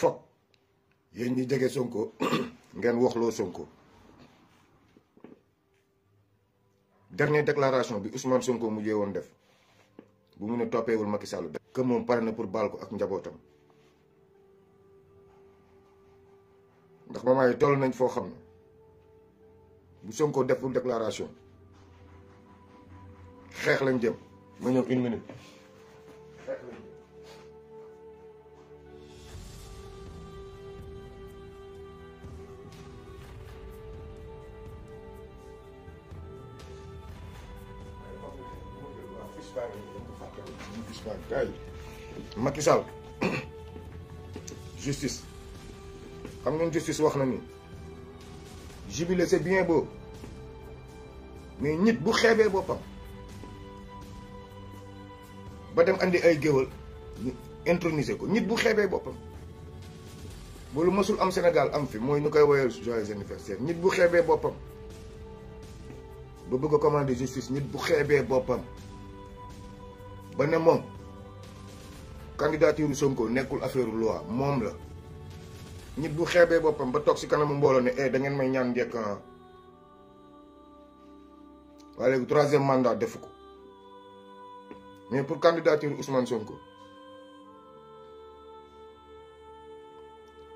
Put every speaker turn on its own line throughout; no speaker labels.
foog yéen ñi jege Sonko ngeen waxloo Sonko dernière déclaration bi Ousmane Sonko mujjee woon def bu mu a toppeewul Macky sàll que moom pare na pour baal ak njabootam ndax moment yi toll nañ foo xam ne bu Sonko deful déclaration xeex lañ jëm ma ñëw une minute Macky Sall justice xam ngeen justice wax na ni jubilé c'est bien beau mais nit bu xeebee boppam ba dem indi ay géwal ñu ko nit bu xeebee boppam ba lu mësul am senegal am fii mooy ñu koy woyal joyeux anniversaire nit bu xeebee boppam ba bëgg a commander justice nit bu xeebee boppam ba ne moom candidature Sonko nekul affaire loi mom la nit bu xébé bopam ba tok si kanam mbolo ne eh da ngeen may ñaan njëkk han ah. walé ko troisième mandat defu ko mais pour candidature Ousmane Sonko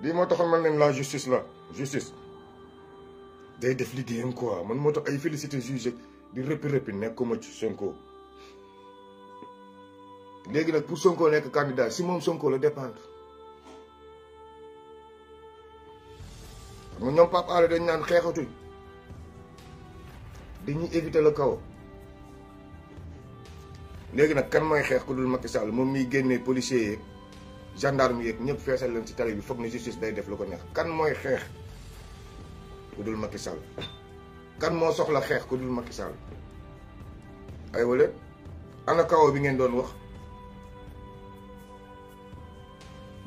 lii mo taxal man la justice la justice day def en quoi man mo tax ay féliciter juge di rep rep nekuma ci Sonko. léegi nag pour Sonko nekk candidat si moom Sonko la dépendre ñoom Pape Alé dañ naan xeexatul dañuy éviter le chaos léegi nag kan mooy xeex ku dul Macky Sall moom miy génne policiers yeeg gendarme yeeg ñëpp feesal leen ci tali bi foog ni justice day def lu ko neex kan mooy xeex ku dul Macky Sall kan moo soxla xeex ku dul Macky Sall ay wala ana chaos bi ngeen doon wax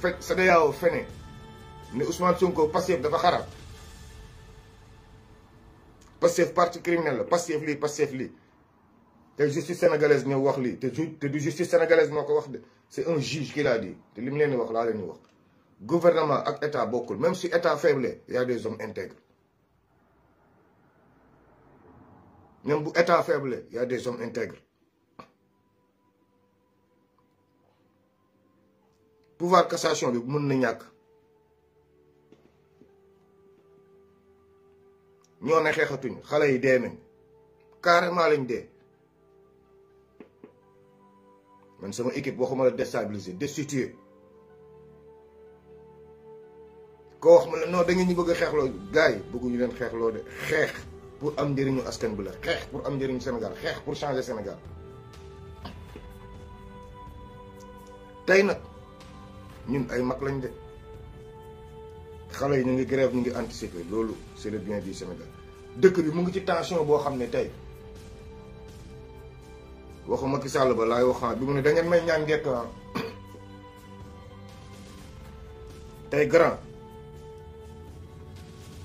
fekk CEDEAO fene ne Ousmane Sonko Pastef dafa xarab Pastef parti criminel passif li passif li la justice sénégalaise ñëw wax li te te du justice sénégalaise moo ko wax de c'est un juge qui l'a dit te li mu leen di wax laa leen wax gouvernement ak état bokkul même si état faible y a des hommes intègres même bu état faible y a des hommes intègres pouvoir cassation bi mën na ñàkk ñoo ne xeexatuñ xale yi dee nañ carrément lañ dee man sama équipe waxuma la des destitué ko wax ma la non da ngeen ñu bëgg a xeexloo gars yi bëgguñu leen xeexloo de xeex pour am njëriñu askan bi la xeex pour am njëriñu Sénégal xeex pour changer Sénégal tey nag ñun ay mag lañ de xale yi ñu ngi grève ñu ngi anticiper loolu c'est le bien du Sénégal dëkk bi mu ngi ci tension boo xam ne tey waxuma Macky Sall ba laay waxaa ah, bi mu ne dangeen ngeen may ñaan njëkk ah. tey grand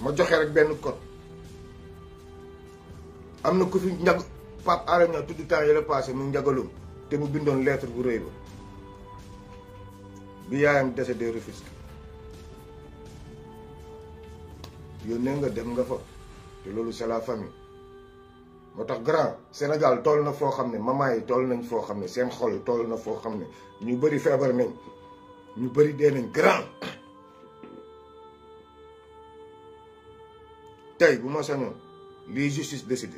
ma joxe rek benn kot am na ku fi njag Pape Alé Niang tudd temps yële passé mu njagalum te mu bindoon lettre bu rëy ba bi yaayam décédé Rufisque yónnee nga dem nga fa te loolu c'est la famille moo tax grand Sénégal toll na foo xam ne maman yi toll nañ foo xam ne seen xol toll na foo xam ne ñu bëri feebar nañ ñu bëri dee nañ grand tey bu ma sañoon lii justice décidé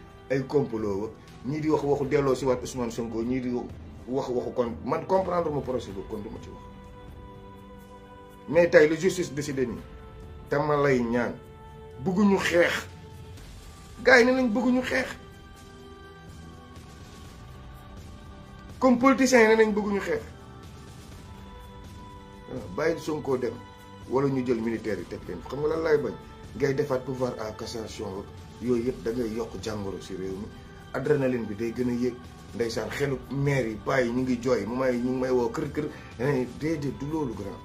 ay complot ñi di wax waxu delo ci wat Ousmane Sonko ñi di wax waxu kon man comprendre mo procès kon duma ci wax mais tay le justice décider ni ma lay ñaan bëggu ñu xex gaay ni lañ bëggu ñu xex comme politicien ni lañ bëggu ñu xex ah, bayil sonko dem wala ñu jël militaire yi tek leen xam nga lan lay bañ ngay defat pouvoir à cassation yooyu yëpp da ngay yokk jàngoro si réew mi adrénaline bi day gën a yéeg ndeysaan xelu maire yi paa yi ñu ngi jooy mu may ñu may woo kër kër danañ eh, déedéet du loolu grand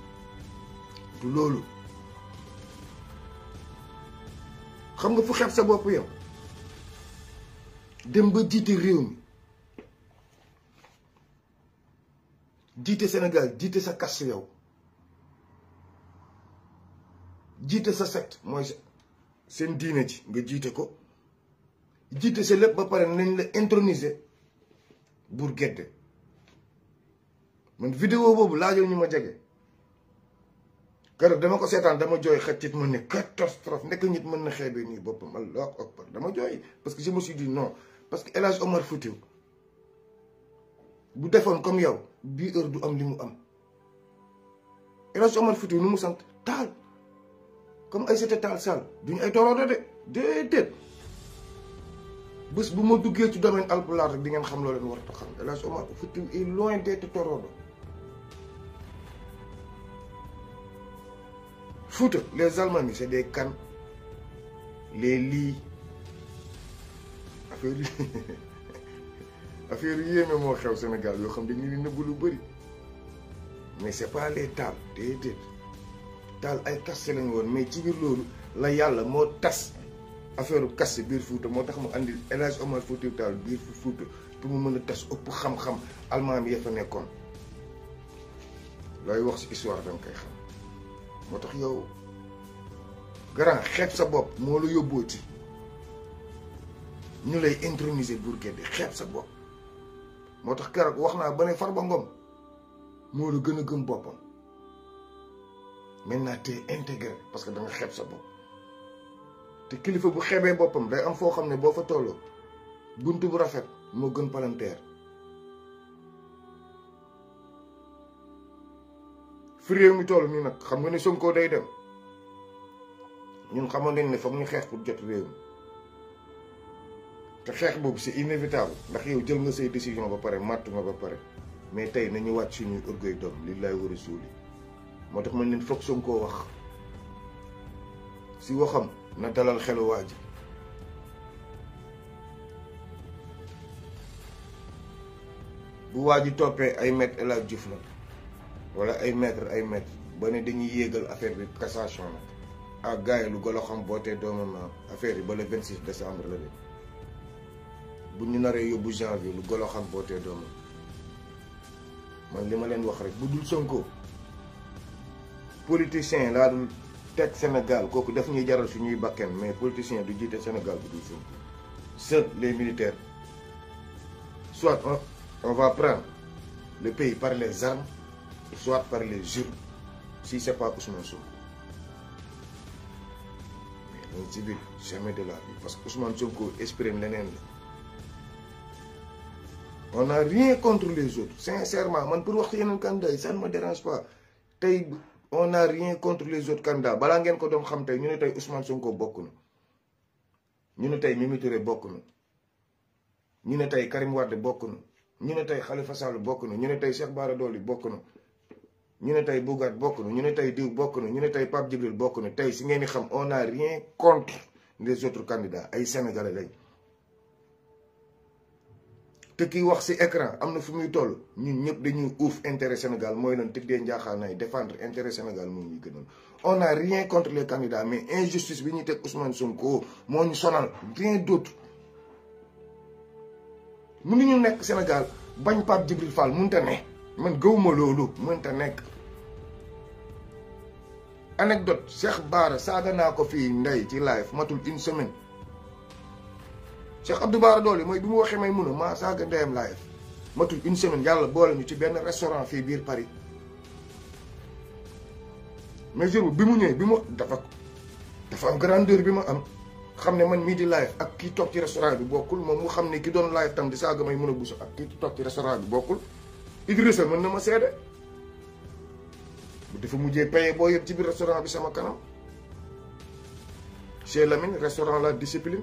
du loolu xam nga fu xeeb sa bopp yow dem ba jiite réew mi jiite Sénégal jiite sa kas yow jiite sa set mooy seen diine ji nga jiite ko jiite sa lépp ba pare nañ la introniser buur gedde man video boobu laajoon ñu ma jege keroog dama ko seetaan dama jooy xaccit ma ne catastrophe nekk nit mën na xeebee nii boppam allah akbar dama jooy parce que je me suis dit parce que El Hadj Omar Foutiou bu defoon comme yow bii heure du am li mu am El Omar Foutiou nu mu sant taal comme ay sete tal sal duñ ay doroodo de déedéet bëss bu mo duggé ci domaine alpulaar rek di ngeen xam loolu war a xam El Hadj Omar Foutiou est loin toro do Fouta les Allemands c'est des kan les li affaire affaire yéme mo xew Sénégal yo xam dañ ni nëbb lu bari mais c'est pas l'état taal déedéet taal ay kaste lañ won mais ci bir lolu la yalla mo tass affaire kasse bir foot mo tax mu andi El Omar Foutiyou dal bir foot pour mu meuna tass upp xam-xam almam ya fa nekkon looy wax ci histoire dang kay xam moo tax yow grand xeeb sa bop mo yoboti ñu lay introniser sa bop tax Farba Ngom mo gëna gëm bopam maintenant te intégré parce que da nga sa bopp te kilifa bu xebee boppam day am foo xam ne boo fa tollu bunt bu rafet moo gën palanteer fi réew mi toll nii nag xam nga ne Sonko day dem ñun xamoon nañ ne foog ñu xeex pour jot réew mi te xeex boobu c'est inévitable ndax yow jël nga say décision ba pare màttu nga ba pare mais tey nañu wàcc suñuy orgueil doom li lay war moo tax man leen foog Sonko wax si waxam na dalal xelu waa ji bu waa ji toppee ay maître El Hadj Diouf nag wala ay maître ay maître ba ne dañuy yéegal affaire bi cassation nag ak ah, gars lu golo xam bootee doomam affaire yi ba le 26 décembre la de bu ñu naree yóbbu janvier lu golo xam bootee doomam man li ma leen wax rek bu dul Sonko. Politiciens, là tête Sénégal kooku en ñuy jaral suñuy bakken mais politicien du jiite Sénégal du les militaires soit on va prendre le pays par les armes soit par les jurons si c'est pas Ousmane Sonko mais on ne dit jamais de la vie parce que Ousmane Sonko exprime l'ennemi. on n'a rien contre les autres sincèrement man pour wax un candidat ça ne me dérange pas on n'a rien contre les autres candidats Bala ngène ko doon xam tey ñu Ousmane Sonko bokk na ñu ne tay Mimi Touré bokk na ñu ne tay Karim Wade bokk na ñu ne tay Khalifa Sall bokk na ñu ne tay Cheikh Bara Doli bokk ñu ne tay Bougat bokk na ñu ne tay diw bokk na ñu ne tay Pape Djibril bokk na si ngeen xam on n'a rien contre les autres candidats ay Sénégalais lañ. te kiy wax si écran am na fu muy toll ñun ñëpp dañuy uuf intérêt Sénégal mooy lan tëddee njaaxaanaay défendre intérêt Sénégal moo ñuy gënal on a rien contre les candidats mais injustice bi ñu teg Ousmane Sonko moo ñu sonal rien d'autre mun ñu nekk Sénégal bañ Pape Djibril Fall te ne man gëwuma loolu mënta nekk anecdote Cheikh Bara saaga naa ko fii ndey ci live matul une semaine Cheikh Abdou Bara Dolé moy bimu waxé may mëna ma saga ndayam ndeyam live matul une semaine yalla bolé ñu ci ben restaurant fi bir Paris mais jëru bimu ñëw bimu dafa dafa am grandeur bima am xamné man midi di ak ki tok ci restaurant bi bokul moom mu xamné ki doon live tam di saga may mëna a ak ki tok ci restaurant bi bokul Idrissa mën na ma bu defu mujjé payé boo yëpp ci bir restaurant bi sama kanam chez Lamine restaurant la discipline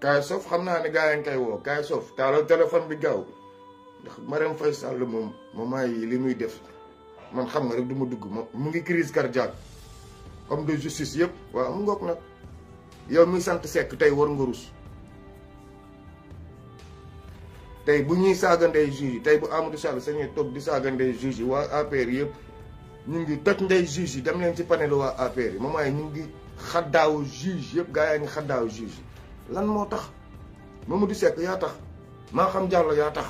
kay Sof xamna ni gaay ngay wo kay Sof taalal telephone bi gaaw ndax maram Faye Sall moom moment li muy def man xam nga rek duma dugg mo ngi crise cardiaque homme de justice yëpp wa am ngok nak yow mi sante sek tay war nga rus tay bu ñuy saagandey juge tay bu Amadou Sall sañee tok di saagandey juge wa APR yëpp ñu ngi tok ndey juge dem leen ci panel wa APR momay ñu ngi xadaaw juge yëpp gaay nga xadaaw juge lan mo tax Mamadou sek ya tax ma xam jallo ya tax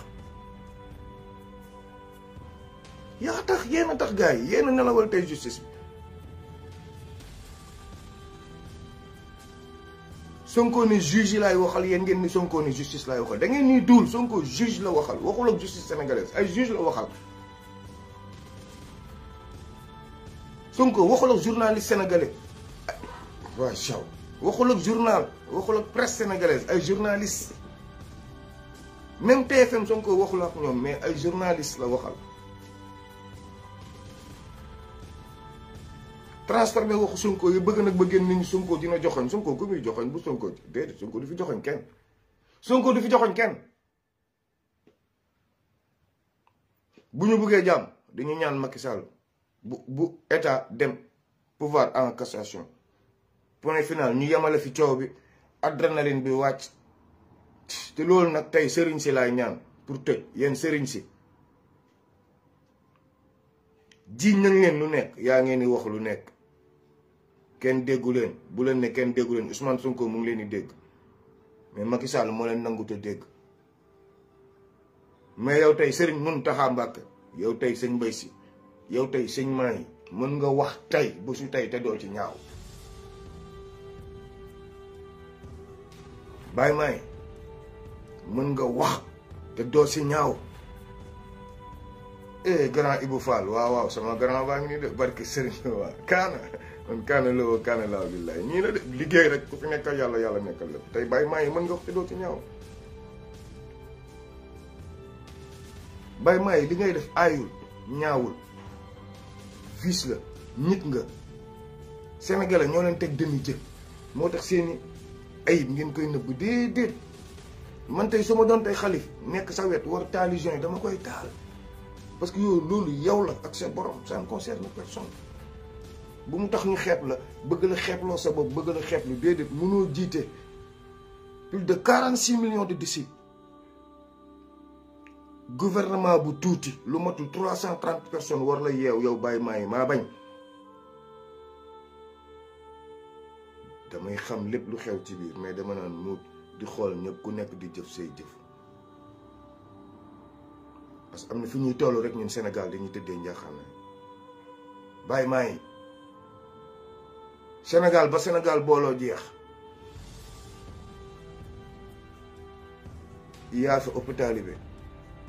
ya tax yena tax gay yena justice Sonko ni juge lay waxal yeen ngeen ni Sonko ni justice lay waxal da ngeen ni dul Sonko juge la waxal waxul ak justice sénégalaise ay juge la waxal Sonko waxul ak journaliste sénégalais wa Sow. waxul ak journal waxul ak presse sénégalaise ay journaliste même TFM Sonko waxul ñoom mais ay journaliste la waxal transformé waxu Sonko yi bëgg nag bëggeen nit ñi Sonko dina joxoñ Sonko ku muy joxoñ bu Sonko déedéet Sonko du fi joxoñ kenn Sonko du fi joxoñ kenn bu ñu bëggee jàmm dañu ñaan Macky Sall bu bu état dem pouvoir en cassation point final ñu yamale fi ciow bi adrenaline bi wacc té lool nak tay sëriñ si lay ñaan pour tëj yeen sëriñ si jiiñ nañ leen lu nekk ya ngeen ni wax lu nekk kenn déggu leen bu leen ne kenn déggu leen Ousmane Sonko mu ngi leen di dégg mais Macky Sall mo leen nangu a dégg mais yow tey sëriñ Mountakha Mbacké yow tay sëñ Mbaye yow tay sëñ May mën nga wax tay bu su tay te do ci ñaaw bàyyi may mën nga wax te doo si ñaaw eh grand Ibou Fall waaw sama grand baa ngi nii de barki Serigne waaw kaana man kaana la woo kaana laa billaay ñii la de liggéey rek ku fi nekkal yàlla yàlla nekka la tey bàyyi may mën nga wax te doo si ñaaw bàyyi may li ngay def aayul ñaawul vice la nit nga sénégalais ñoo leen teg demi jël moo tax seeni ay ngeen koy nëbb déedéet man tey su ma doon tey xalif nekk sa wet war télévision yi dama koy taal parce que yow loolu yow la ak sa borom ça concerne personne bu mu tax ñu xeeb la bëgg la xeebloo sa bopp bëgg la xeeblu déedéet mënoo jiite plus de quarante six millions de disciples gouvernement bu tuuti lu matul trois cent trente personnes war la yeew yow bàyyi maa maa bañ damay xam lépp lu xew ci biir mais dama naan muut di xool ñëpp ku nekk di jëf say jëf parce que am na fi ñuy toll rek ñun Sénégal dañuy tëddee njaaxaan na bàyyi maa yi ba senegal booloo jeex yaa sa ëpp taalibe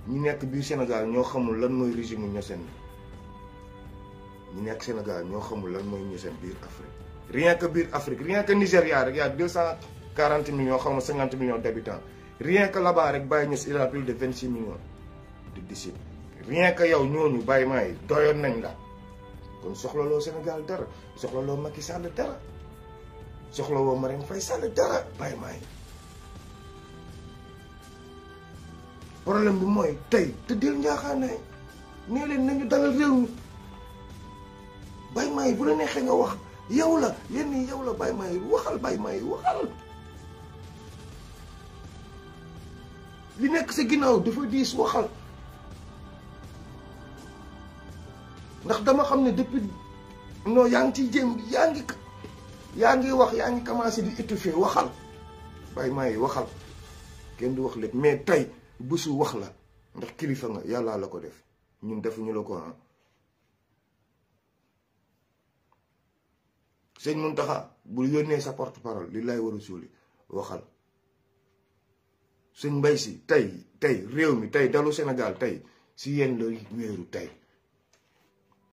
ñi nekk biir Sénégal ñoo xamul lan mooy régime ñoseen bi ñi nekk Sénégal ñoo xamul lan mooy ñoseen biir Afrique rien que bir Afrique rien que Nigeria, rek ya 240 millions xawma 50 millions d'habitants rien que là-bas rek Baye Niass il a plus de 26 millions de disciples rien que yow ñooñu Baye maay doyoon nañ la kon lo senegal dara lo Macky Sall dara soxlawoo Marème Faye Sall dara Baye maay problème bi moy tay te dil ñaxane nee nañu dalal rew mi Baye bu la nexé nga wax yow la yéen nii yow la Baye Mahi waxal Baye Mahi waxal li nekk sa ginnaaw dafa diis waxal ndax dama xam ne dëpp non yaa ngi ciy jëm yaa ngi yaa ngi wax yaa ngi commencé di étouffer waxal Baye Mahi waxal kenn du wax lépp mais tey bésu wax la ndax kilifa nga yàllaa la ko def ñun defuñu la ko ah sëñ Muntaxa bu yónnee sa porte parole li lay war a suuli waxal sëñ mbay si tey tey réew mi tey dalu Sénégal tey si yéen la wéeru tey